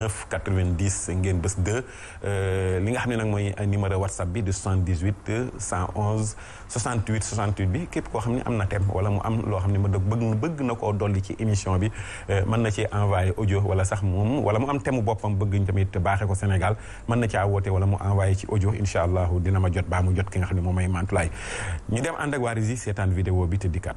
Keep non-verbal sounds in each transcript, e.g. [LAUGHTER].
9 90 ngeen bés euh, li nga xam ne nag mooy numéro whatsapp bi de 78 111 68 68 bi képp koo xam ne am na thème wala mu am loo xam ne ma dëgg bëgg bëgg na ko dolli ci émission bi euh, mën na ci envoyé audio wala sax moom wala mu am thème boppam bëgg tamit baaxee ko Sénégal mën na caa woote wala mu envoyé ci audio incha allahu dina ma jot baa mu jot ki nga xam ne moom may mantulaay ñu dem ànd ak waa Régis seetaan vidéo bi te dikkaat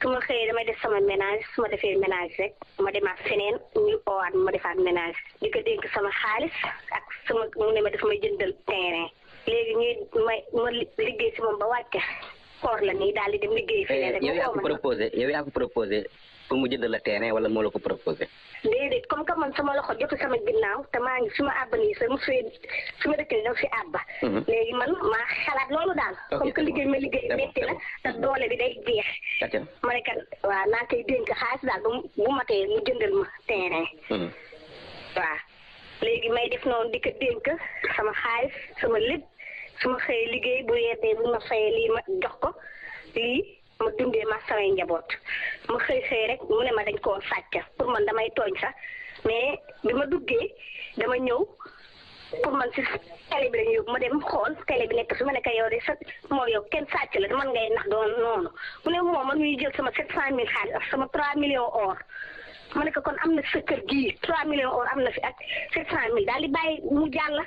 su ma xëyee damay def sama menage su ma defee ménage rek ma demaat feneen ñu owaat ma defaat menage di ko dénk sama xaalis ak sama mu ne ma def may jëndal terrain léegi ñuy may ma liggéey si moom ba wàcce koor la nii daal di dem liggéey feneen. Eh, yow yaa ko proposé mu jënd la terrain wala moo la ko proposé. déedéet comme que man sama loxo jotu sama ginnaaw te maa ngi su ma àbb nii sama fee su ma dëkkee ñëw fi àbba. Mhm. léegi man maa xalaat loolu daal. comme que liggéey ma liggéey métti la te doole bi day jeex. ma ne waa waaw naa koy dénk xaalis daal ba bu matee mu jëndal ma terrain. Mhm. waaw léegi may def noonu di ko dénk sama xaalis sama lépp. su ma xëyee liggéey bu yeetee bu ma fayee lii ma jox ko lii ma dundee ma samay njaboot ma xëy xëy rek mu ne ma dañ koo sàcc pour man damay tooñ sax mais bi ma duggee dama ñëw pour man si télé ma dem xool télé bi nekk ma nekk yow de sa moo yow kenn sàcc la man ngay ndax doon noonu mu ne moom man muy jël sama sept cent mille xaalis sama trois millions or ma ne kon am na sa kër gii 3 millions or am na fi ak 700000 daal di bàyyi mu jàll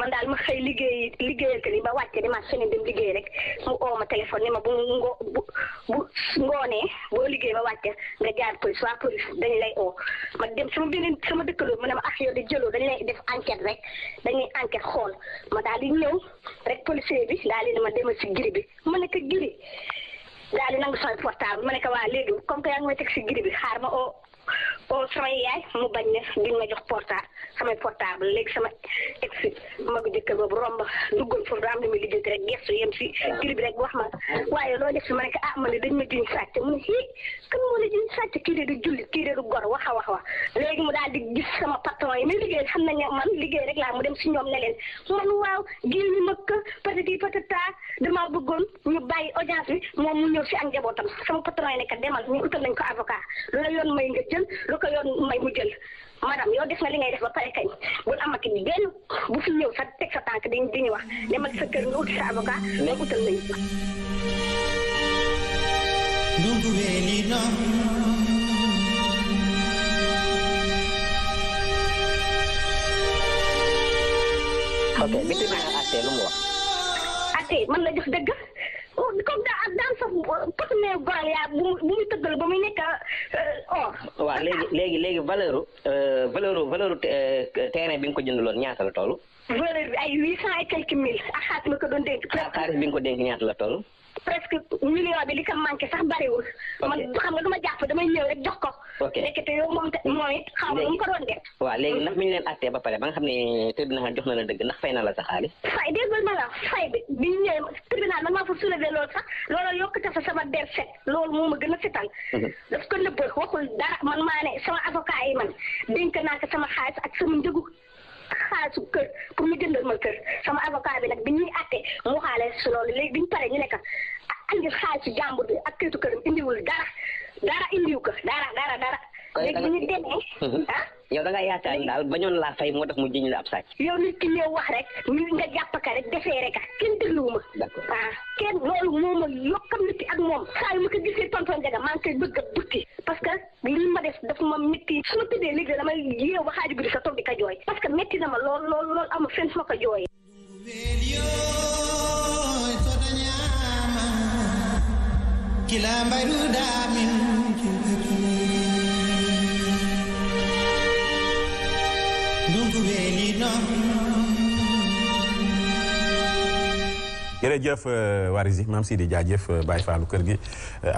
man daal ma xëy liggéey liggéeyante ni ba wàcce ni ma sëñ dem liggéey rek mu oo ma téléphone ni ma bu ngo bu ngoonee boo liggéey ba wàcce nga jaar police waa police dañu lay oo ma dem sama beneen sama dëkkaloo mu ne ma affaire ah di jëloo dañu lay def enquête rek dañuy enquête xool ma daal di ñëw rek policier bi daal di ma demal si giri bi ma ne ko giri daal di nangu sama portable ma si giri bi sama yaay mu bañ ne duñ ma jox portable samay portable léegi sama ex magu jëkkër boobu romb duggal foofu am na muy lijjanti rek gestu yem si kii bi rek wax ma waaye loo def si ma ne ah man de dañ ma jiñ sàcc mu ne hii kan moo la jiñ sàcc kii de du jullit kii de du gor wax a wax wax léegi mu daal di gis sama maçon yi muy liggéey xam nañ ne man liggéey rek laa mu dem si ñoom ne leen man waaw gil mi mëkk patati patata dama bëggoon ñu bàyyi audience bi moom mu ñëw si ak njabootam sama patron a ne demal ñu utal nañ ko avocat lu la yoon may nga jël lu ko yoon may def na li ngay def ba pare bu fi ñëw sa teg sa tànk di di ñu wax demal sa kër nga uti sa avocat mais utal nañ wootee mën la jox dëgg oh, comme ne goral yaa bu muy tëggal ba muy nekk euh, or. waaw léegi léegi léegi valeur euh, valeur valeur euh, terrain bi nga ko jëndaloon ñaata la toll. valeur bi ay huit cent et quelques mille ak ah, xaalis ma ko doon dénk. Ah, la toll. presque million bi li ko manqué sax bariwul. man xam nga duma jàpp damay ñëw rek jox ko. ok ndekete yow moom moom it xam nga ko doon def. waaw léegi ndax mi ñu leen àttee ba pare ba nga xam ne tribunal jox na la dëgg ndax fay na la sa xaalis. fay déggal ma la fay bi bi ñu ñëwee tribunal man maa fa soulevé loolu sax loolu yokkute fa sama der set loolu gën a setal. Mhm. daf ko nëbbal waxul dara man maa sama avocat yi man dénk naa ko sama xaalis ak sama njëgu. xaalisu kër pour ñu jëndal ma kër sama avocat bi nag bi ñuy àtte mu xaale loolu léegi bi ñu paree ñu nekk ah, andil xaalisu jàmbur bi ak këyitu këram indiwul dara dara indiw ko dara dara dara. léegi ñu demee. [LAUGHS] Ah? yow da yaakaar daal bañoon laa fay moo tax mu jiñ la ab sàcc. yow nit ki ñëw wax rek ñu nga jàpp ka rek defee rek kenn dégluwuma. d'accord ah, kenn loolu moom ak yokkam ak moom. saa yu ma ko gisee tonton Jaga maa ngi koy bëgg a tukki parce que li ma def daf ma métti su ma tëddee léegi damay yéew ba xaaju guddi sa toog di ko jooy parce que métti na ma lool lool lool amul fenn ma ko jooyee. كلا بلودا من jërëjëf euh, Warisy maam Sidi jaajëf euh, Baye Fallou kër gi euh,